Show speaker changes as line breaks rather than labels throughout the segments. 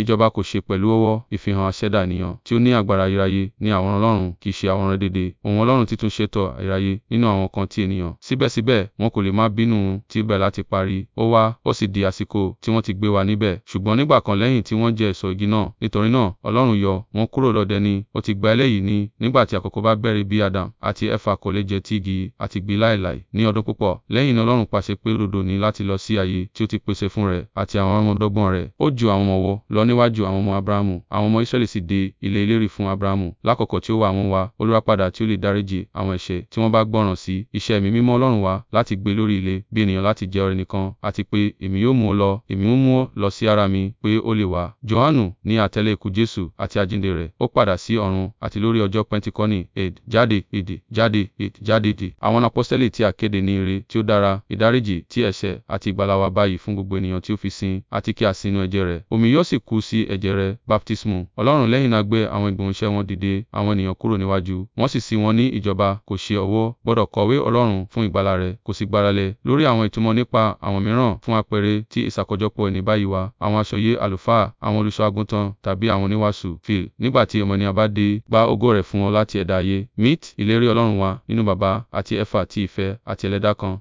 Ìjọba kò ṣe pẹ̀lú ọwọ́ ìfihàn aṣẹ̀dá ènìyàn tí ó ní agbára ayérayé ní àwòrán Ọlọ́run kì í ṣe àwòrán déédé. Òun Ọlọ́run títún ṣètò ayérayé nínú àwọn nǹkan ti ènìyàn. Síbẹ̀síbẹ̀ wọn kò lè máa bínú tibẹ̀ láti parí. Ó wá, ó sì di àsìkò tí wọ́n ti gbé wa níbẹ̀. Ṣùgbọ́n nígbà kan lẹ́yìn tí wọ́n jẹ èso igi náà. Nítorí náà Ọlọ́run yọ wọ́n kúrò lọ́dẹ ní. Ó ti gba eléyìí ní, nígbà tí àkókò bá bẹ̀rẹ̀ bí Adam àti Efa kò lè jẹ ti igi àti gbé láéláé ní ọdún púpọ̀. Lẹ́yìn náà Ọlọ́run pàṣẹ pé Rodo ní láti lọ sí ààyè tí ó ti pèsè fún rẹ̀ àti àwọn ọmọdọ́gbọ̀n rẹ̀. Ó ju àwọn ọmọ lọ lọ níwájú àwọn ọmọ Abrahamu. Àwọn ọmọ Israẹli sì dé ilẹ̀ ìlérí fún Abrahamu. Lákòókò tí ó wá àwọn wá olùràpadà tí ó lè dáríjì àwọn ẹ̀ṣẹ̀ tí wọ́n bá gbọ́ràn sí iṣẹ́ Ẹ̀mí Mímọ́ Ọlọ́run wá láti gbé lórí ilẹ̀ bí ènìyàn láti jẹ́ ọrẹ nìkan, àti pé èmi yóò mú ọ lọ, èmi ń mú ọ lọ sí ara mi pé ó lè wá. Johanu ní àtẹ̀lé ikú Jésù àti àjíǹde rẹ̀, ó padà sí ọ̀run àti lórí ọjọ́ Pẹntikọ́nì, èd, jáde, èdè, jáde, èd, jáde, èdè. Àwọn apọ́sítẹ́lì tí a kéde ní ire tí ó dára, ìdáríjì ti ẹ̀ṣẹ̀ àti ìgbàlà báyìí fún gbogbo ènìyàn tí ó fi sin, àti kí a sínú ẹ̀jẹ̀ rẹ̀. Omi yóò sì kú kú sí ẹ̀jẹ̀ rẹ̀, baptismu. Ọlọ́run lẹ́yìn náà gbé àwọn ìgbóhùnṣẹ́ wọn dìde àwọn ènìyàn kúrò níwájú, wọ́n sì sí wọn ní ìjọba kò ṣe ọwọ́, gbọdọ̀ kọ̀wé Ọlọ́run fún ìgbàlà rẹ̀, kò sì gbáralé lórí àwọn ìtumọ̀ nípa àwọn mìíràn fún àpẹẹrẹ ti ìṣàkójọpọ̀ ẹni báyìí wá, àwọn aṣoye àlùfáà, àwọn olùṣọ́ àgùntàn tàbí àwọn oníwàásù. Fi, nígbà tí ọmọnìyàn bá dé, gba ògo rẹ̀ fún ọ láti ẹ̀dá ayé. Mit, ìlérí Ọlọ́run wa nínú Baba àti ẹ̀fà àti ìfẹ́ àti ẹlẹ́dá kan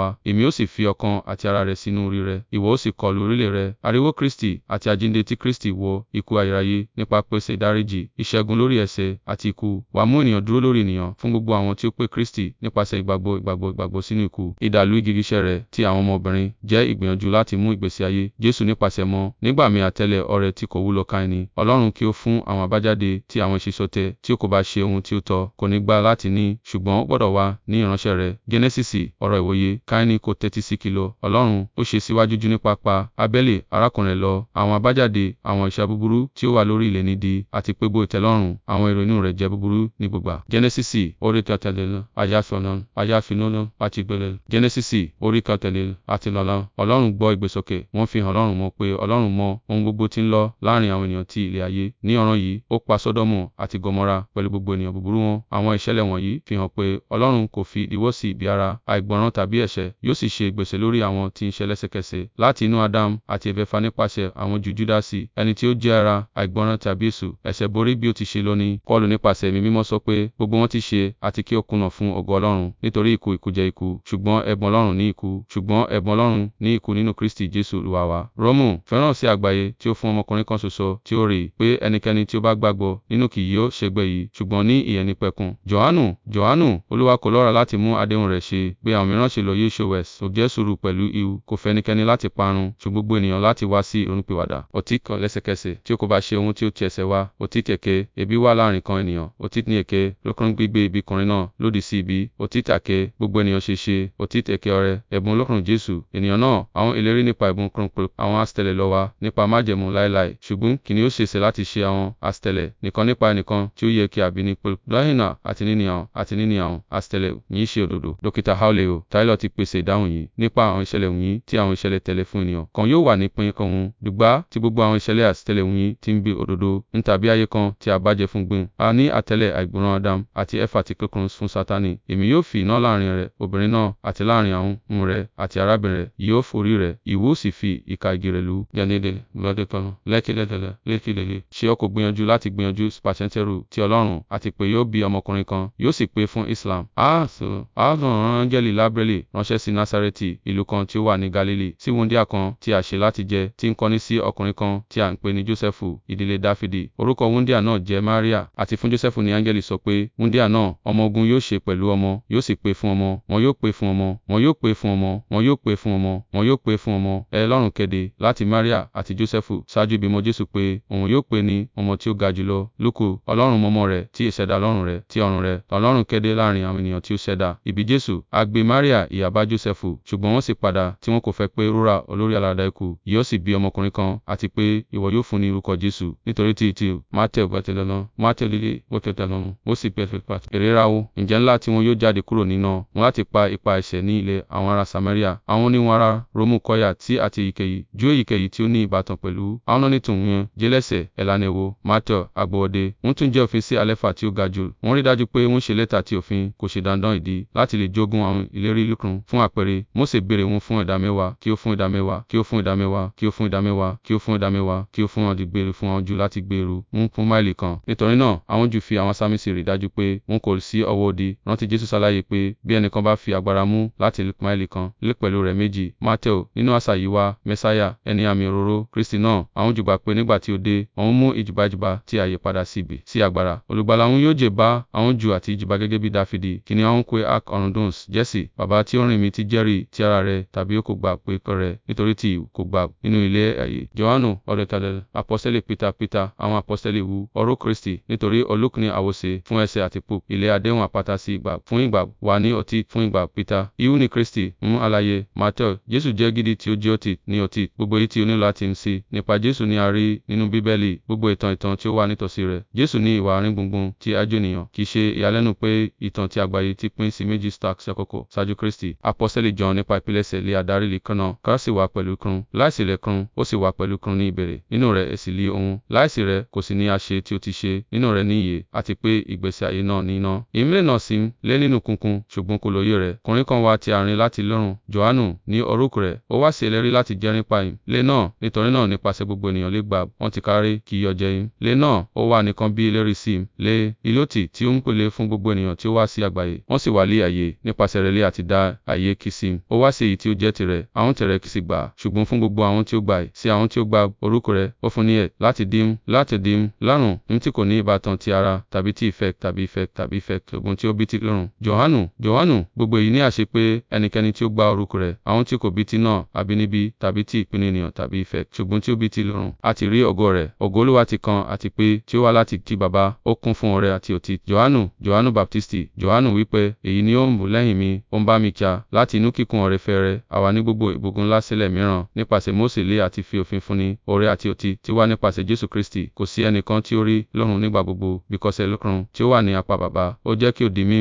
wa, èmi ó sì fi ọkàn àti ara rẹ̀ sínú rírẹ̀, ìwọ ó sì kọlu orílẹ̀ rẹ̀. Ariwo Kristi àti àjíǹde ti Kristi wọ ikú ayérayé nípa pèsè ìdáríjì, ìṣẹ́gun lórí ẹ̀ṣẹ̀ àti ikú. Wá mú ènìyàn dúró lórí ènìyàn fún gbogbo àwọn tí ó pe Kristi nípasẹ̀ ìgbàgbọ́ ìgbàgbọ́ ìgbàgbọ́ sínú ikú. Ìdàlú ìgigiṣẹ́ rẹ̀ ti àwọn ọmọbìnrin jẹ́ ìgbìyànjú láti mú ìgbésí ayé Jésù nípasẹ̀ mọ́ nígbà mi àtẹ́lẹ̀ ọrẹ tí kò wúlò ká ẹni. Ọlọ́run kí ó fún àwọn àbájáde ti àwọn ìṣesọtẹ tí ó kò bá ṣe ohun tí ó tọ́, kò ní gbà láti ní, ṣùgbọ́n ó gbọ́dọ̀ wà ní ìránṣẹ́ rẹ̀. Gẹ́nẹ́sísì ọ̀rọ̀ ìwòye Káínì kò tẹ́tí sí kìlọ̀ Ọlọ́run, ó ṣe síwájú jù nípa pa Abeli arákùnrin rẹ̀ lọ. Àwọn àbájáde àwọn ìṣe búburú tí ó wà lórí ilẹ̀ ni idì àti pégbó ìtẹ́lọ́rùn. Àwọn èrò inú rẹ̀ jẹ́ búburú ní gbogbo. Jẹ́nẹ́sísì orí kẹtàlélọ́n, àyàfẹ́lọ́n, àyàfínúlọ́n àti gbẹlẹ̀. Jẹ́nẹ́sísì orí kẹtàlélọ́n àti lọ́lọ́n. Ọlọ́run gbọ́ ìgbésókè, wọ́n fi hàn Ọlọ́run mọ̀ pé Ọlọ́run mọ ohun gbogbo tí ń lọ láàrín àwọn ènìyàn ti ilẹ̀ ayé. Ní ọ̀ràn yìí, ó pa Sọdọ̀mù àti Gọmọra pẹ̀lú gbogbo ènìyàn búburú wọn. Àwọn ìṣẹ̀lẹ̀ wọ̀nyí fi hàn pé Ọlọ́run kò fi ìdíwọ́ sí ibi ara, àìgbọràn tàbí ẹ̀ṣẹ̀ ẹlẹ́ṣẹ̀ yóò sì ṣe ìgbésẹ̀ lórí àwọn tí ń ṣe lẹ́sẹ̀kẹsẹ̀ láti inú Ádámù àti ẹ̀bẹ̀fà nípasẹ̀ àwọn Júù Júdásì, ẹni tí ó jẹ́ ara àìgbọràn tàbí èṣù ẹ̀ṣẹ̀ borí bí ó ti ṣe lọ ni. Paulu nípasẹ̀ Ẹ̀mí Mímọ́ sọ pé gbogbo wọn ti ṣe àti kí ó kùnà fún ògo Ọlọ́run, nítorí ikú ikú jẹ́ ikú, ṣùgbọ́n ẹ̀bùn Ọlọ́run ní ikú, ṣùgbọ́n ẹ̀bùn Ọlọ́run ní ikú nínú Kristi Jésù Olúwa wa. Rómù fẹ́ràn sí àgbáyé tí ó fún ọmọkùnrin kan ṣoṣo tí ó rí pé ẹnikẹ́ni tí ó bá gbàgbọ́ nínú kì yóò ṣègbé yìí, ṣùgbọ́n ní ìyẹnipẹ̀kun. Jòhánù Jòhánù Olúwa kò lọ́ra láti mú àdéhùn rẹ̀ ṣẹ, bí àwọn mìíràn ṣe lọ ayé ṣòwẹ́sì. Ògì ẹ̀sùrù pẹ̀lú ihu. Kò fẹ́ ẹnikẹ́ni láti parun, ṣùgbọ́n gbogbo ènìyàn láti wá sí ìrònúpìwàdà. Òtí kan lẹ́sẹ̀kẹsẹ̀, tí o kò bá ṣe ohun tí ó ti ẹsẹ̀ wá. Òtítì èké, ebi wà láàrin kan ènìyàn. Òtítì ní èké, lókùnrin gbígbé ibi kùnrin náà lòdì sí ibi. Òtítì àké, gbogbo ènìyàn ṣe ṣe. Òtítì èké ọrẹ, ẹ̀bùn olókùnrin Jésù. Ènìyàn náà, àwọn ìlérí nípa ẹ̀bùn kúrúnkúrú, àwọn àsìtẹ̀lẹ̀ lọ wá nípa májẹ̀mú láéláé. Ṣùgbọ́n kìíní ó ṣe ṣe láti ṣe àwọn àsìtẹ̀lẹ̀ nìkan nípa ẹnìkan tí ó yẹ kí àbí ní pẹ̀lú. Lọ́hìnà àti pèsè ìdáhùn yìí nípa àwọn ìṣẹ̀lẹ̀ wọ̀nyí tí àwọn ìṣẹ̀lẹ̀ tẹ̀lé fún ènìyàn kan yóò wà ní ìpín kan òun. Dùgbà tí gbogbo àwọn ìṣẹ̀lẹ̀ àsìtẹ́lẹ̀ wọ̀nyí ti ń bí òdodo ń tàbí ayé kan tí a bàjẹ́ fún gbìn. A ní àtẹ̀lé àìgbọràn Adam àti Éfà tí kíkùn fún Sátánì. Èmi yóò fi iná láàrín rẹ̀, obìnrin náà àti láàrín àwọn ọmọ rẹ̀ àti arábìnrin rẹ̀, yóò forí rẹ̀, ìwọ sì fi ìka igi rẹ̀ lù. Jẹ́nìdé, lọ́dẹ kan, lẹ́kìlẹ́lẹ́lẹ́, lẹ́kìlẹ́lẹ́. Ṣé o kò gbìyànjú ti Ọlọ́run àti pé yóò bí ọmọkùnrin kan, Islam. A sọ, a sọ ránṣẹ́ sí Násárẹ́tì, ìlú kan tí ó wà ní Galili, sí wúńdíá kan tí a ṣe láti jẹ, tí ń kọ́ni sí ọkùnrin kan tí a ń pè ní Jósẹ́fù, ìdílé Dáfídì. Orúkọ wúńdíá náà jẹ́ Máríà, àti fún Jósẹ́fù ni áńgẹ́lì sọ pé, wúńdíá náà, ọmọ ogun yóò ṣe pẹ̀lú ọmọ, yóò sì pé fún ọmọ, wọn yóò pé fún ọmọ, wọn yóò pé fún ọmọ, wọn yóò pé fún ọmọ, wọn yóò pé fún ọmọ. Ẹ lọ́rùn kéde láti Máríà àti Jósẹ́fù ṣáájú ìbímọ Jésù pé òun yóò pè ní ọmọ tí ó ga jùlọ. Lúkù, Ọlọ́run mọ́mọ́ rẹ̀, tí ìṣẹ̀dá Ọlọ́run rẹ̀, tí ọ̀run rẹ̀, Ọlọ́run kéde láàrin àwọn ènìyàn tí ó ṣẹ̀dá. Ìbí Jésù, a gbé Máríà ìyàwó padà bá Jósẹ́fù, ṣùgbọ́n wọ́n sì padà tí wọn kò fẹ́ pé rúra olórí aládàá ikú yóò sì bí ọmọkùnrin kan àti pé ìwọ yóò fún ní orúkọ Jésù nítorí tí ti Mátẹ̀ gbẹ́tẹ̀ lọ́nà Mátẹ̀ líle ó sì gbẹ́tẹ̀ pàtó. Èrèrà o, ǹjẹ́ ńlá tí wọn yóò jáde kúrò nínú wọn láti pa ipa ẹ̀ṣẹ̀ ní ilẹ̀ àwọn ará Samaria, àwọn oníwọ̀n ará Rómù kọ́yà tí àti ìkẹyì, Júù èyíkéyìí tí ó ní ìbátan pẹ̀lú, àwọn náà ní tòun yẹn, jẹ́lẹ́sẹ̀, ẹ̀lànà èwo, Mátẹ̀, agbọ̀wọ́de, wọ́n tún jẹ́ òfin sí àlẹ́fà tí ó ga jù, wọ́n rí dájú pé wọ́n ṣe lẹ́tà ti òfin, kò ṣe dandan ìdí láti lè jogún àwọn ìlérí ìlú kan ọlọ́run. Fún àpẹẹrẹ, Mósè béèrè wọn fún ìdá mẹ́wàá, kí ó fún ìdá mẹ́wàá, kí ó fún ìdá mẹ́wàá, kí ó fún ìdá mẹ́wàá, kí ó fún ìdá mẹ́wàá, kí ó fún wọn dìgbére fún àwọn Júù láti gbèrú ń fún máìlì kan. Nítorí náà, àwọn Júù fi àwọn sámísì rí dájú pé wọn kò sí ọwọ́ òdì. Rántí Jésù ṣàlàyé pé bí ẹnìkan bá fi agbára mú láti máìlì kan, lé pẹ̀lú rẹ̀ méjì. Mátẹ́ò, nínú àṣà yìí wá, Mẹ́sáyà, ẹni àmì òróró, Kristi náà, àwọn Júù gbà pé nígbà tí ó dé, òun mú ìjìbàjìbà tí ààyè padà sí ibi, sí agbára. Olùgbàlà òun yóò jẹ bá àwọn Júù àti ìjìbà gẹ́gẹ́ bí Dáfídì, kìnìún àwọn kwe ak ọ̀rùndùns, Jésì, bàbá tí ó Arákùnrin mi ti jẹ́rìí ti ara rẹ̀ tàbí ó kò gbà pé ikọ̀ rẹ̀ nítorí tí kò gbà nínú ilé ayé. Johanu ọ̀dọ̀tàlẹ̀ Apọ́sẹ́lì Peter Peter àwọn Apọ́sẹ́lì wu ọ̀rọ̀ Kristi nítorí olùkíni àwòṣe fún ẹsẹ̀ àtìpó ilé àdéhùn àpáta sí ìgbà fún ìgbà wà ní ọtí fún ìgbà Peter. Ihu ni Kristi mú àlàyé Matthew Jésù jẹ́ gidi tí ó jẹ́ ọtí ní ọtí gbogbo èyí tí ó nílò láti ń ṣe nípa Jésù ni a rí nínú Bíbélì gbogbo ìtàn ìtàn tí ó wà nítòsí rẹ̀. Jésù ní ìwà àríngbùngbùn tí ajónìyàn kì í ṣe ìyàlẹ́nu pé ìtàn ti àgbáyé ti pín sí méjì stark ṣàkókò ṣáájú Kristi apọ́sẹ́lì John nípa ìpilẹ̀ṣẹ̀ lé adarí lè kan náà, kan sì wà pẹ̀lú kan, láìsí rẹ̀ kan, ó sì wà pẹ̀lú kan ní ìbẹ̀rẹ̀, nínú rẹ̀ èsì lé e ohun, láìsí rẹ̀ kò sì ní a ṣe tí ó ti ṣe, nínú rẹ̀ ní ìyè, àti pé ìgbésí ayé náà ní iná. Ìmílẹ̀ náà sì ń lé nínú kunkun, ṣùgbọ́n kò lóye rẹ̀. Ọkùnrin kan wà tí a rìn láti lọ́run, Johanu ní orúkọ rẹ̀, ó wá sí ìlérí láti jẹ́ nípa ìmílẹ̀ náà, nítorí náà nípasẹ̀ gbogbo ènìyàn ààyè kìsìm, ó wá sí èyí tí ó jẹ́ tirẹ̀, àwọn tẹ̀rẹ̀ kìsì gbà, ṣùgbọ́n fún gbogbo àwọn tí ó gbà, sí àwọn tí ó gba orúkọ rẹ̀, ó fún ní ẹ̀, láti dìímú, láti dìímú, lárùn, ní tí kò ní ìbátan ti ara, tàbí ti ìfẹ́, tàbí ìfẹ́, tàbí ìfẹ́, ogun tí ó bí ti lọ́run. Jòhánù, Jòhánù, gbogbo èyí ní àṣẹ pé ẹnikẹ́ni tí ó gba orúkọ rẹ̀, àwọn tí kò bí ti náà, àbínibí, tàbí ti ìpinnu ènìyàn, tàbí ìfẹ́, ṣùgbọ́n tí ó bí ti lọ́run. A ti rí ògo rẹ̀, ògo Olúwa ti kan àti pé tí ó wá láti ti Bàbá, ó kún fún ọrẹ àti òtítọ́. Jòhánù, Jòhánù Baptisti, Jòhánù wípé, èyí ni ó ń bọ̀ lẹ́yìn mi, ó ń bá mi kí dáadáa, láti inú kíkún ọrẹ fẹ́rẹ́, àwa ní gbogbo ìbùkún ńlá sílẹ̀ mìíràn, nípasẹ̀ Mósè lé àti fi òfin fúnni, ọrẹ àti òtí ti wá nípasẹ̀ Jésù Kristi, kò sí ẹnìkan tí ó rí lọ́run nígbà gbogbo, bíkọ́ṣe lọ́kàn tí ó wà ní apá Baba, ó jẹ́ kí ó di mí,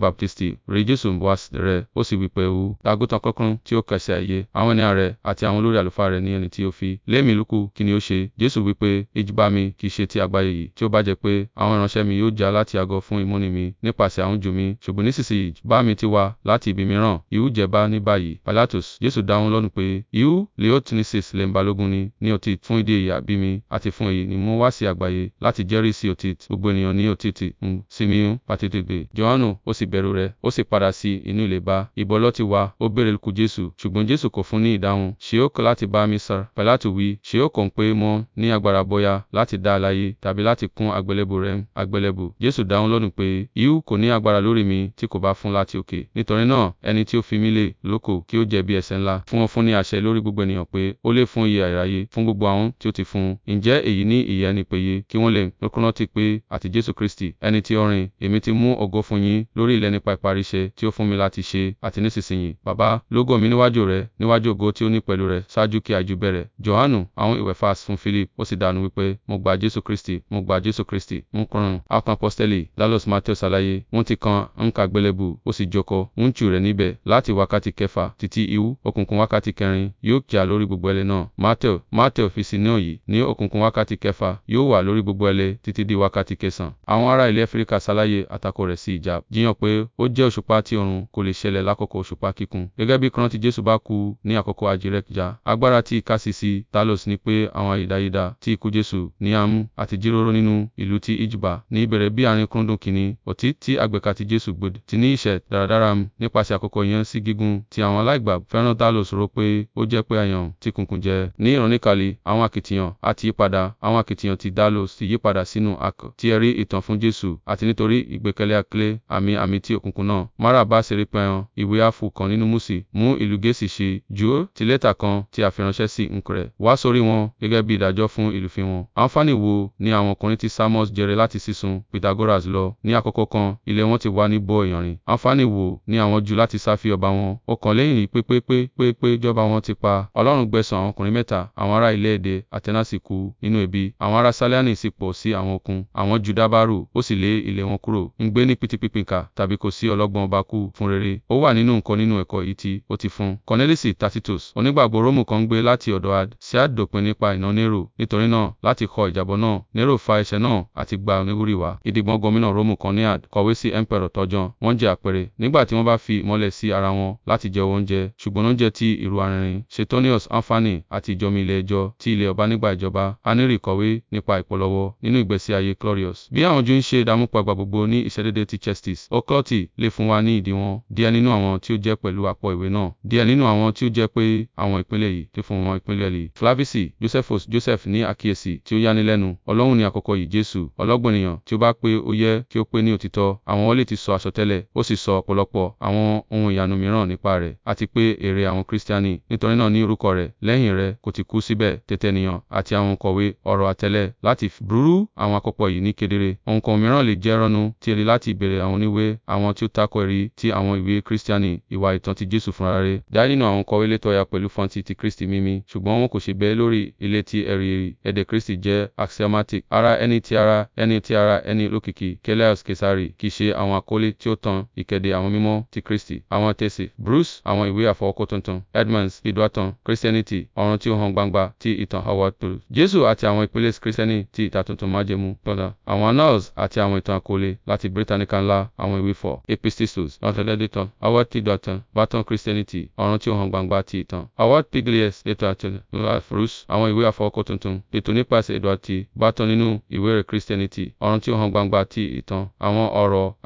Baptisti, rí Jésù wá rẹ̀, ó sì wí pé hu, àgùntàn kankan tí ó kẹsẹ̀ ayé, àwọn ènìyàn rẹ̀ àti àwọn olórí àlùfáà rẹ̀ ní ẹni tí ó fi lé mi kí ni ó ṣe? Jésù wí ìjìbá mi kì í ṣe ti àgbáyé yìí, tí ó bá jẹ́ pé àwọn ìránṣẹ́ mi yóò jà láti àgọ́ fún ìmúni mi nípasẹ̀ àwọn Júù mi, ṣùgbọ́n nísinsìnyí ìjìbá mi ti wá láti ibi mìíràn, ìhú jẹba ní báyìí. Pilatus, Jesu dá wọn lọ́rùn pé, ìhú, Leotinesis lè ń balógun ni, ní òtítì, fún ìdí èyí àbí mi, àti fún èyí ni mo wá sí àgbáyé, láti jẹ́rìí sí òtítì. Gbogbo ènìyàn ní òtítì ń hm, sí mi ń pàtètègbè. Johanu, ó sì bẹ̀rù rẹ̀, ó sì padà sí inú ilé bá. Ìbò lọ ti wá, ó béèrè ikú Jesu, ṣùgbọ́n Jesu kò fún ní ìdáhùn. Ṣé ó kọ̀ láti bá mi sọ̀rọ̀? Pilatu wí, ṣé ó kọ̀ ń pé mo ní agbára bóyá láti dá láyé tàbí láti kún àgbélébù rẹ̀? Àgbélébù. Jesu dá wọn pé, ìhú kò ní agbára lórí mi tí kò bá fún láti òkè. Nítorí Nítorí náà, ẹni tí ó fi mí lé lóko kí ó jẹ̀bi ẹ̀ṣẹ̀ ńlá, fún ó fún ní àṣẹ lórí gbogbo ènìyàn pé ó lè fún ìyè àìráyè fún gbogbo àwọn tí ó ti fún un. Ǹjẹ́ èyí ní ìyè ẹni péye kí wọ́n lè rántí pé àti Jésù Kristi, ẹni tí ó rìn, èmi ti mú ògo fún yín lórí ilẹ̀ nípa ìparí iṣẹ́ tí ó fún mi láti ṣe àti nísinsìnyí. Bàbá, lógo mi níwájú rẹ, níwájú ògo tí ó ní pẹ̀lú rẹ ṣáájú kí àìjú bẹ̀rẹ̀. Jòhánù, àwọn ìwẹ̀fà fún Philip, ó sì dànù wípé, mo gba Jésù Kristi, mo gba Jésù Kristi, ń kọrin. Akàn apọ́stẹ́lì, Lálọ́sì Matthew ṣàlàyé, wọ́n ti kan nǹkan àgbélébù, ó sì jókòó ń jù rẹ̀ níbẹ̀ láti wákàtí kẹfà títí ihu òkùnkùn wákàtí kẹrin yóò jà lórí gbogbo ẹlẹ́ náà. Mateo Mateo fi sí náà yìí ní òkùnkùn wákàtí kẹfà yóò wà lórí gbogbo ẹlẹ́ títí di wákàtí kẹsàn. Àwọn ará ilẹ̀ Áfíríkà ṣàlàyé àtakò rẹ̀ sí ìjà jiyàn pé ó jẹ́ òṣùpá tí oòrùn kò lè ṣẹlẹ̀ lákòókò òṣùpá kíkún. Gẹ́gẹ́ bí kan tí Jésù bá kú ní àkókò àjírẹ̀jà, agbára tí ìkásísí Talos ni pé àwọn àyídáyídá tí ikú Jésù ní àmú àti jíròrò nínú ìlú ti Ìjùbà ní ìbẹ̀rẹ̀ bí àárín kúndùn kìíní, ọ̀tí tí àgbẹ̀ka ti Jésù gbòdì ti ní ìṣẹ̀ dáradára mu nípasẹ̀ àkókò yẹn sí gígùn tí àwọn aláìgbà fẹ́ràn dá lò sọ̀rọ̀ pé ó jẹ́ pé àyàn ti kùnkùn jẹ. Ní ìròníkàlì, àwọn akitiyan àti ìyípadà, àwọn akitiyan ti dalos ti sì yípadà sínú àkọ́ tí ẹ̀rí ìtàn fún Jésù àti nítorí ìgbẹ́kẹ̀lé àkílé àmì àmì tí òkùnkùn náà. Mara bá ṣeré pé àyàn ìwé àfù kan nínú Mósè mú ìlú Gẹ̀ẹ́sì ṣe ju ti lẹ́tà kan tí a fi ránṣẹ́ sí nkùrẹ̀ wá sórí wọn gẹ́gẹ́ bí ìdájọ́ fún ìlúfin wọn. Àǹfààní wo ni àwọn ọkùnrin tí Samos jèrè láti sísun Pythagoras lọ? Ní àkókò kan, ilẹ̀ wọn ti wà níbọ̀ ìyànrìn. Àǹfààní wo ni àwọn Júù láti sá fi ọba wọn. Ó kàn lẹ́yìn pé pé pé pé pé ìjọba wọn ti pa. Ọlọ́run gbẹ̀san àwọn ọkùnrin mẹ́ta, àwọn ará ilẹ̀ èdè Àtẹ́nà kú nínú ebi. Àwọn ará Saliani sì pọ̀ sí àwọn okun. Àwọn Júù dàbàrú, ó sì lé ilé wọn kúrò. Ń gbé ní pìtìpìpìǹkà tàbí kò sí ọlọ́gbọ́n ọba kú fún rere. Ó wà nínú nǹkan nínú ẹ̀kọ́ yìí tí ó ti fún. Cornelisi Tacitus, onígbàgbọ́ Rómù kan gbé láti ọ̀dọ̀ Ad, sí Ad nípa ìná Nero. Nítorí náà, láti kọ ìjábọ̀ náà, Nero fa ẹ̀ṣẹ̀ náà àti gba oníwúrí wá. Ìdìgbọ́n gómìnà Rómù kan ní Ad kọ̀wé sí Emperor Trajan, wọ́n jẹ́ àpẹẹrẹ. Nígbà tí wọ́n bá bá fi ìmọ́lẹ̀ sí ara wọn láti jẹ oúnjẹ, ṣùgbọ́n oúnjẹ ti ìrù arinrin, Suetonius Anfani àti ìjọ̀mi ilẹ̀ ẹjọ́ ti ilẹ̀ ọba nígbà ìjọba, Aneri kọ̀wé nípa ìpolówó nínú ìgbésí ayé Claudius. Bí àwọn Júù ń ṣe ìdààmúpa ìgbà gbogbo ní ìṣedéédé ti Chestis, Occult lè fún wa ní ìdíwọ̀n díẹ̀ nínú àwọn tí ó jẹ́ pẹ̀lú àpò ìwé náà, díẹ̀ nínú àwọn tí ó jẹ́ pé àwọn ìpínlẹ̀ yìí ti fún wọn ìpínlẹ̀ lì. Flavius Josephus Joseph ní àkíyèsí tí ó yánilẹ́nu, Ọlọ́run ní àkọ́kọ́ yìí Jésù, ọlọ́gbọ́n ènìyàn tí ó bá pé ó yẹ kí ó pé ní òtítọ́, àwọn wọ̀n ti sọ àsọtẹ́lẹ̀, ó sì sọ ọ̀pọ̀lọpọ̀ àwọn ohun ìyanu mìíràn nípa rẹ̀, àti pé èrè àwọn Kristiani. Nítorí náà ní orúkọ rẹ̀, lẹ́yìn rẹ̀ kò tí kú síbẹ̀, tètè ènìyàn àti àwọn òǹkọ̀wé ọ̀rọ̀ àtẹlẹ láti burú àwọn àkópọ̀ yìí ní kedere. Òǹkọ̀wé mìíràn lè jẹ́ ìrunú ti èrí láti ìbéèrè àwọn oníwè, àwọn tí ó tako ẹ̀rí ti àwọn ìwé Kristiani, ìwà ìtàn ti Jésù fúnra rẹ̀. Díẹ̀ nínú àwọn òǹkọ̀wé lè tọ̀yà pẹ̀lú fọ́nti ti Kristi mímí, ṣùgbọ́n wọn kò ṣe bẹ́ẹ̀ lórí ilé tí ẹ̀rí èdè Kristi jẹ́ axiomatic. Ara ẹni ti ara ẹni ti ara ẹni olókìkí, Keleos Kesari, kì í ṣe àwọn àkọlé tí ó tan ìkéde àwọn mímọ́ ti Kristi. Àwọn tẹ̀sí Bruce, àwọn ìwé àfọwọ́kọ tuntun. Edmonds, Edwarton, Christianity, ọ̀run tí ó hàn gbangba ti ìtàn Howard Toole. Jésù àti àwọn ìpele Christianity ti ìta tuntun májẹ̀mú tọ́lá. Àwọn annals àti àwọn ìtàn àkọlé láti Britannica ńlá, àwọn ìwé fọ̀. Epistles, Lọ́tọ̀lẹ́dẹ́tàn, Howard T. Dutton, Barton Christianity, ọ̀run tí ó hàn gbangba ti ìtàn. Howard P. Glies, Literature, Bruce, àwọn ìwé àfọwọ́kọ tuntun. Ètò nípasẹ̀ Edward T. Christianity, ọ̀run tí ó hàn gbangba ti ìtàn. Àwọn ọ̀rọ̀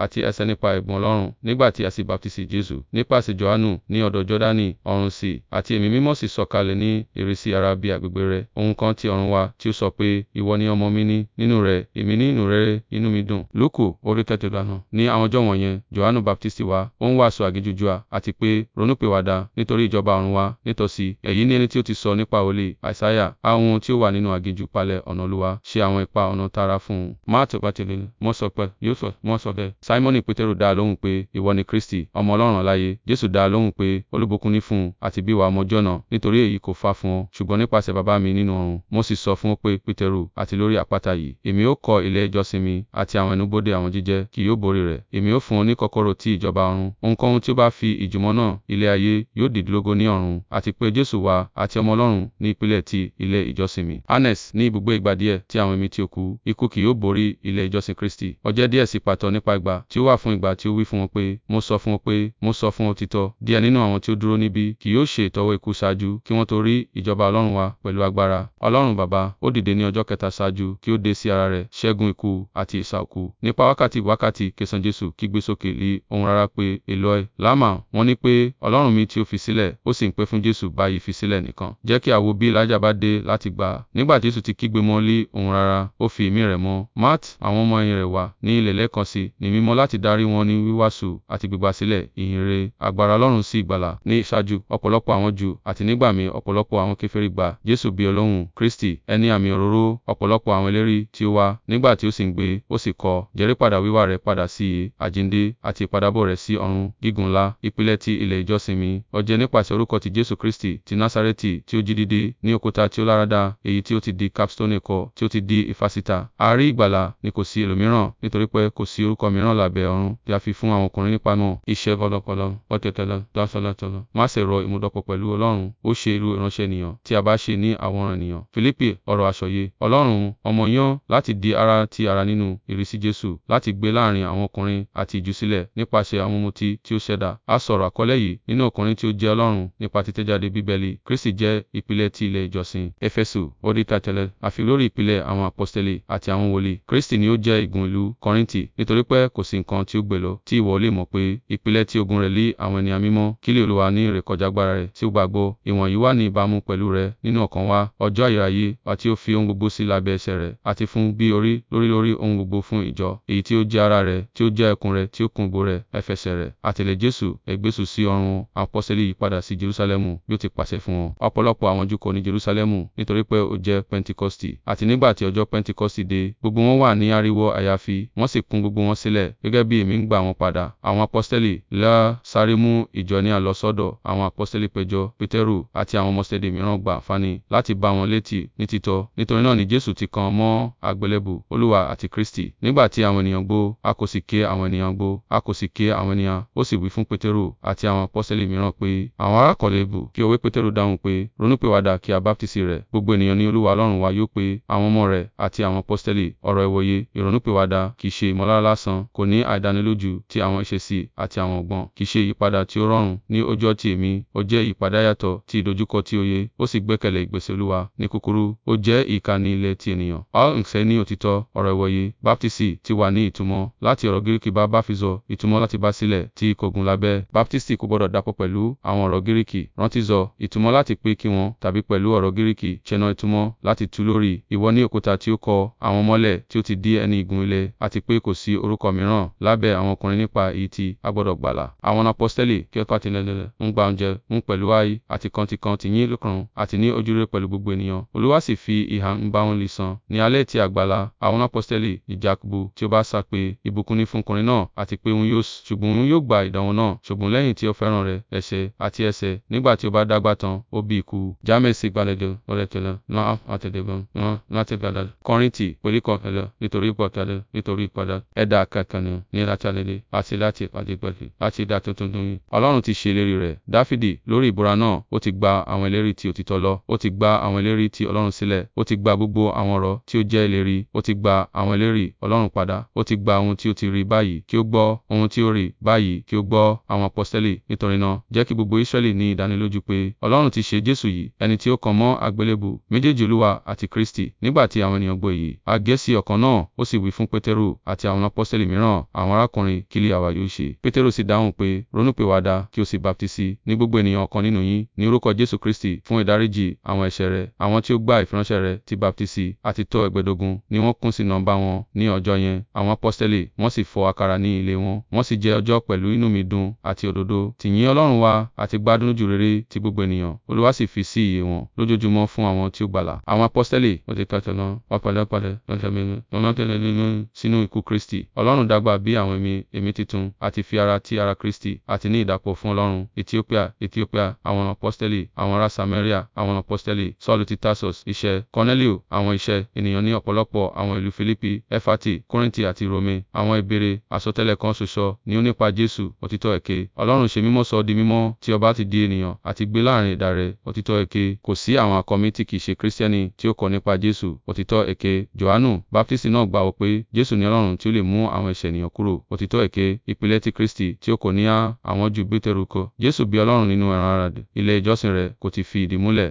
àti àti bàptísì Jésù nípasẹ̀ Jòhánù ní ọ̀dọ̀ Jọ́dánì, ọ̀run sì àti ẹ̀mí mímọ́ sì sọ̀kalẹ̀ ní ìrísí ara bí agbègbè rẹ̀. Ohun kan ti ọ̀run wá tí ó sọ pé, ìwọ ni ọmọ mi ní, nínú rẹ̀, èmi ní inú rẹ, inú mi dùn. Lúùkù, orí kẹtàlá. Ní àwọn ọjọ́ wọ̀nyẹn, Jòhánù Bàptísì wá, ó ń wàásù àgíjùjù àti pé, ronúpìwàdà, nítorí ìjọba ọ̀run wá nítòsí. Èyí ni ẹni tí ó ti sọ nípa wòlíì Àìsáyà, àwọn tí ó wà nínú aginjù palẹ̀ ọ̀nà Olúwa, ṣe àwọn ipa ọ̀nà tààrà fún un. Má tẹ̀pátẹ̀lé, mọ́ sọ yóò sọ, mọ́ sọ bẹ́ẹ̀. dá lóhùn pé, ìwọ ni Kristi. Kristi, ọmọ Ọlọ́run láyé. Jesu dá a lóhùn pé, Olúbùkún ní fún un, àti bí ìwà ọmọ Jona, nítorí èyí kò fà fún ọ, ṣùgbọ́n nípasẹ̀ Baba mi nínú ọ̀run. Mo sì sọ fún ọ pé, Peteru, àti lórí àpáta yìí, èmi ó kọ́ ilé ìjọsìn mi, àti àwọn ẹnubodè àwọn jíjẹ́ kì yóò borí rẹ̀. Èmi ó fún ọ ní kọ́kọ́rọ́ ti ìjọba ọ̀run. Ohunkóhun tí ó bá fi ìjùmọ̀ náà ilé ayé yóò di ìdílógo ní ọ̀run. Àti pé Jesu wá, àti ọmọ Ọlọ́run, ní ìpìlẹ̀ ti ilé ìjọsìn mi. anes ní ibùgbé ìgbà díẹ̀ tí àwọn ẹ̀mí tí ó Ikú kì yóò borí ilé ìjọsìn Kristi. Ọjẹ́ díẹ̀ sì pàtó nípa ìgbà tí ó wà fún ìgbà tí ó wí fún wọn pé, Mo sọ fún ọ pé, mo sọ fún òtítọ́, díẹ̀ nínú àwọn tí ó dúró níbí kì yóò ṣe ìtọ́wò ikú ṣáájú kí wọ́n tó rí ìjọba Ọlọ́run wa pẹ̀lú agbára. Ọlọ́run Baba, ó dìde ní ọjọ́ kẹta ṣáájú kí ó dé sí ara rẹ̀, ṣẹ́gun ikú àti ìsà Nípa wákàtí wákàtí kẹsàn Jésù kígbe sókè lé ohùn rara pé, Eloi, Lama, wọ́n ní pé, Ọlọ́run mi tí ó fi sílẹ̀, ó sì ń pè fún Jésù báyìí fi sílẹ̀ nìkan. Jẹ́ kí a bí Elijah bá dé láti gbà. Nígbà Jésù ti kígbe mọ́ lé ohùn rara, ó fi ìmí rẹ̀ mọ́. Matt, àwọn ọmọ ẹ̀yìn rẹ̀ wà ní ilẹ̀ lẹ́ẹ̀kan sí, ní mímọ́ láti darí wọn ní wíwàásù àti gbígbà ìdásílẹ̀, ìyìnrere, agbára Ọlọ́run sí ìgbàlà. Ní ìṣáájú, ọ̀pọ̀lọpọ̀ àwọn Júù àti nígbà míì ọ̀pọ̀lọpọ̀ àwọn kèfèrí gba Jésù bí Ọlọ́run Kristi, ẹni àmì òróró, ọ̀pọ̀lọpọ̀ àwọn ẹlẹ́rìí tí ó wá nígbà tí ó sì ń gbé, ó sì kọ́, jẹ́rìí padà wíwá rẹ̀ padà sí iye, àjíǹde, àti ìpadàbọ̀ rẹ̀ sí ọ̀run gígùn ńlá. Ìpìlẹ̀ ti ilẹ̀ ìjọsìn mi, ó nípasẹ̀ orúkọ ti Jésù Kristi ti Násárẹ́tì tí ó jí dìde ní òkúta tí ó láradá, èyí tí ó ti di capstone ẹ̀kọ́ tí ó ti di ìfàsítà. A ìgbàlà ni kò sí ẹlòmíràn, nítorí pé kò sí orúkọ mìíràn lábẹ́ ọ̀run tí a fi fún àwọn ọkùnrin nípa náà iṣẹ́ ọlọ́pọlọ, ọ̀tẹ̀tẹ̀lẹ̀, dásọlọ́tọlọ. Má ṣe rọ ìmúdọ́pọ̀ pẹ̀lú Ọlọ́run, ó ṣe irú ìránṣẹ́ ènìyàn tí a bá ṣe ní àwòrán ènìyàn. Filipi ọ̀rọ̀ àsọyé. Ọlọ́run ọmọ yàn láti di ara ti ara nínú ìrísí Jesu, láti gbé láàrín àwọn ọkùnrin àti ìjùsílẹ̀ nípasẹ̀ àwọn ọ̀mùtí tí ó ṣẹ̀dá. A sọ̀rọ̀ àkọlé yìí nínú ọkùnrin tí ó jẹ́ Ọlọ́run nípa títẹ̀jáde Bíbélì. Kristi jẹ́ ìpìlẹ̀ ti ilé ìjọsìn. Efesu, orí ìtàtẹ̀lẹ̀, àfi lórí ìpìlẹ̀ àwọn apọ́stélì àti àwọn wòlíì. Kristi ni ó jẹ́ ìgùn ìlú Kọ́ríńtì, nítorí pé kò sí nǹkan tí ó gbèlò tí ìwọ lè mọ̀ pé ìpìlẹ̀ tí ogun rẹ̀ lé àwọn ènìyàn mímọ́, kí lè Olúwa ní ìrékọjá agbára rẹ̀ tí ó gbàgbọ́, ìwọ̀nyí wà ní ìbámu pẹ̀lú rẹ̀ nínú ọkàn wa, ọjọ́ ayérayé, àti ó fi ohun gbogbo sí lábẹ́ ẹsẹ̀ rẹ̀, àti fún bí orí lórí lórí ohun gbogbo fún ìjọ, èyí tí ó jẹ́ ara rẹ̀, tí ó jẹ́ ẹkùn rẹ̀, tí ó kún gbogbo rẹ̀, ẹfẹsẹ̀ rẹ̀, àtẹ̀lé Jésù, ẹgbésù sí ọ̀run, àwọn apọ́sítélì yípadà sí Jerusalẹmu bí ó ti pàṣẹ fún wọn. Ọ̀pọ̀lọpọ̀ àwọn Júù ní Jerusalẹmu nítorí pé ó jẹ́ Pentikọ́stì, àti nígbà tí ọjọ́ Pentikọ́stì dé, gbogbo wọn wà ní ariwo àyàfi, wọ́n sì kún gbogbo wọn sílẹ̀, gẹ́gẹ́ bí èmi ń gbà wọ́n padà. Àwọn apọ́sítélì Israẹli ńlá sáré mú ìjọ ènìyàn lọ sọ́dọ̀ àwọn apọ́stélì péjọ, Peteru àti àwọn ọmọ-sẹ́dẹ̀ mìíràn gba àǹfààní láti bá wọn létí ní títọ́. Nítorí náà ni Jesu tí kan mọ́ àgbélébùú Olúwa àti Kristi. Nígbà tí àwọn ènìyàn gbọ́, a kò sì ké àwọn ènìyàn gbọ́, a kò sì ké àwọn ènìyàn, ó sì wí fún Peteru àti àwọn apọ́stélì mìíràn pé, “Àwọn ará àkọ̀lébù!” Kí ó wí Peteru dáhùn pé, “Ronúpìwàdà kí a baptisi rẹ̀, gbogbo ènìyàn ni Olúwa Ọlọ́run wa yóò pé, àwọn ọmọ rẹ̀ àti àwọn apọ́stélì.” Ọ̀rọ̀ ìwòye, ìrònúpìwàdà kì í ṣe ìmọ̀lára lásán, kò ní àìdánilójú ti àwọn ìṣesí àti àti àwọn ọgbọ́n. Kì í ṣe ìyípadà tí ó rọrùn ní ojú ọtí èémí, ó jẹ́ ìyípadà yàtọ̀ ti ìdojúkọ tí ó yẹ, ó sì gbẹ́kẹ̀lé ìgbésẹ̀ Olúwa. Ní kúkúrú, ó jẹ́ ìkànnì ilẹ̀ ti ènìyàn. A ó ń fẹ́ ní òtítọ́, ọ̀rọ̀ ìwòye, báptísì ti wà ní ìtumọ̀ láti ọ̀rọ̀ Gíríkì bá báphizo, ìtumọ̀ láti bá sílẹ̀, ti ìkógun lábẹ́. Báptísì kò gbọdọ̀ dàpọ̀ pẹ̀lú àwọn ọ̀rọ̀ Gíríkì. Rántízọ, ìtumọ̀ láti pé kí wọn, tàbí pẹ̀lú ọ̀rọ̀ Gíríkì, ṣẹ̀nà ìtumọ̀ láti tú lórí. Ìwọ ni òkúta tí ó kọ àwọn mọ́lẹ̀ tí ó ti di ẹni ìgúnlẹ̀, àti pé kò gbọ́dọ̀ gbàlà. Àwọn apọ́sítẹ́lì kí ọkọ̀ àti lẹ́lẹ́lẹ́ ń gba oúnjẹ ń pẹ̀lú ayé àti kàntìkan ti yín lọ́kàn àti ní ojúrere pẹ̀lú gbogbo ènìyàn. Olúwa sì fi ìhà ń bá wọn lè san. Ní alẹ́ ti àgbàlá, àwọn apọ́sítẹ́lì ni Jákọ́bù tí ó bá sá pé ìbùkún ni fún ọkùnrin náà àti pé òun yóò ṣùgbọ́n òun yóò gba ìdánwò náà ṣùgbọ́n lẹ́yìn tí ó fẹ́ràn rẹ̀ ẹ̀ṣẹ̀ àti ẹ̀ṣẹ̀ nígbà tí ó bá dàgbà tán ó bí ikú. Jámẹ́sì gbalẹ̀dẹ̀ ọ̀rẹ́tẹ̀lẹ̀ náà àtẹ̀dẹ̀gbọ̀n náà pàtàkì àti ìdá tuntun tuntun. Ọlọ́run ti ṣe ìlérí rẹ̀. Dáfídì lórí ìbúra náà, ó ti gba àwọn ìlérí ti òtítọ́ lọ, ó ti gba àwọn ìlérí ti Ọlọ́run sílẹ̀, ó ti gba gbogbo àwọn ọ̀rọ̀ tí ó jẹ́ ìlérí, ó ti gba àwọn ìlérí Ọlọ́run padà, ó ti gba ohun tí ó ti rí báyìí kí ó gbọ́, ohun tí ó rí báyìí kí ó gbọ́ àwọn apọ́sítélì. Nítorí náà, jẹ́ kí gbogbo Israẹli ní ìdánilójú pé Ọlọ́run ti ṣe Jésù yìí, ẹni tí ó kan mọ́ àgbélébùú, méjèèjì Olúwa àti Kristi. Nígbà tí àwọn ènìyàn gbọ́ èyí, a gé ọkàn náà, ó sì wí fún Pétérù àti àwọn apọ́sítélì mìíràn, àwọn arákùnrin, kí àwa yóò ṣe? Pétérù Pétérù sì dáhùn pé, ronúpìwàdà, kí o sì baptisi ní gbogbo ènìyàn ọ̀kan nínú yín ní orúkọ Jésù Kristi fún ìdáríjì àwọn ẹ̀ṣẹ̀ rẹ̀. Àwọn tí ó gba ìfiránṣẹ́ rẹ̀ ti baptisi àti tó ẹgbẹ̀ẹ́dógún ni wọ́n kún sí nọ́mbà wọn ní ọjọ́ yẹn. Àwọn apọ́stélì wọ́n sì fọ àkàrà ní ilé wọn, wọ́n sì jẹ ọjọ́ pẹ̀lú inú mi dùn àti òdodo. Ti yìn Ọlọ́run wa àti gbádùn ojú rere ti gbogbo ènìyàn. Olúwa sì fi sí iye wọn lójoojúmọ́ fún àwọn tí ó gbàlà. Àwọn apọ́stélì ó ti pẹ̀tẹ̀ lọ, wọ́n pẹ̀lẹ́ pẹ̀lẹ́ lọ́jọ́ mẹ́rin, lọ́nà tẹ́lẹ̀ nínú sínú ikú Kristi. Ọlọ́run dàgbà bí àwọn ẹ̀mí, ẹ̀mí titun àti fi ara ti ara Kristi àti ní ìdàpọ̀ fún Ọlọ́run. Ethiopia, Ethiopia, àwọn apọ́stẹ́lì, àwọn ará Samaria, àwọn apọ́stẹ́lì, Sọ́ọ̀lù ti Tarsus, iṣẹ́, Corneliu, àwọn iṣẹ́, ènìyàn ní ọ̀pọ̀lọpọ̀ àwọn ìlú Filipi, Éfátì, Kórìntì àti Rome, àwọn ìbéèrè, àsọtẹ́lẹ̀ kan ṣoṣo ni ó nípa Jésù, òtítọ́ èké, Ọlọ́run ṣe mímọ́ sọ di mímọ́, tí ọba ti di ènìyàn àti gbé láàrin ẹ̀dá rẹ̀, òtítọ́ èké, kò sí àwọn akọmi tí kìí ṣe Kristiani tí ó kọ nípa Jésù, òtítọ́ èké, Jòhánù, Baptisti náà gbàgbọ́ pé Jésù ni Ọlọ́run tí ó lè mú àwọn ẹ̀ṣẹ̀ ènìyàn kúrò, òtítọ́ èké, ìpìlẹ̀ ti Kristi Kristi tí ó kò ní há, àwọn Júù gbé tẹrú ko. Jesu bí Ọlọ́run nínú ẹran-ara ilé ìjọsìn rẹ̀ kò tí fi ìdí múlẹ̀.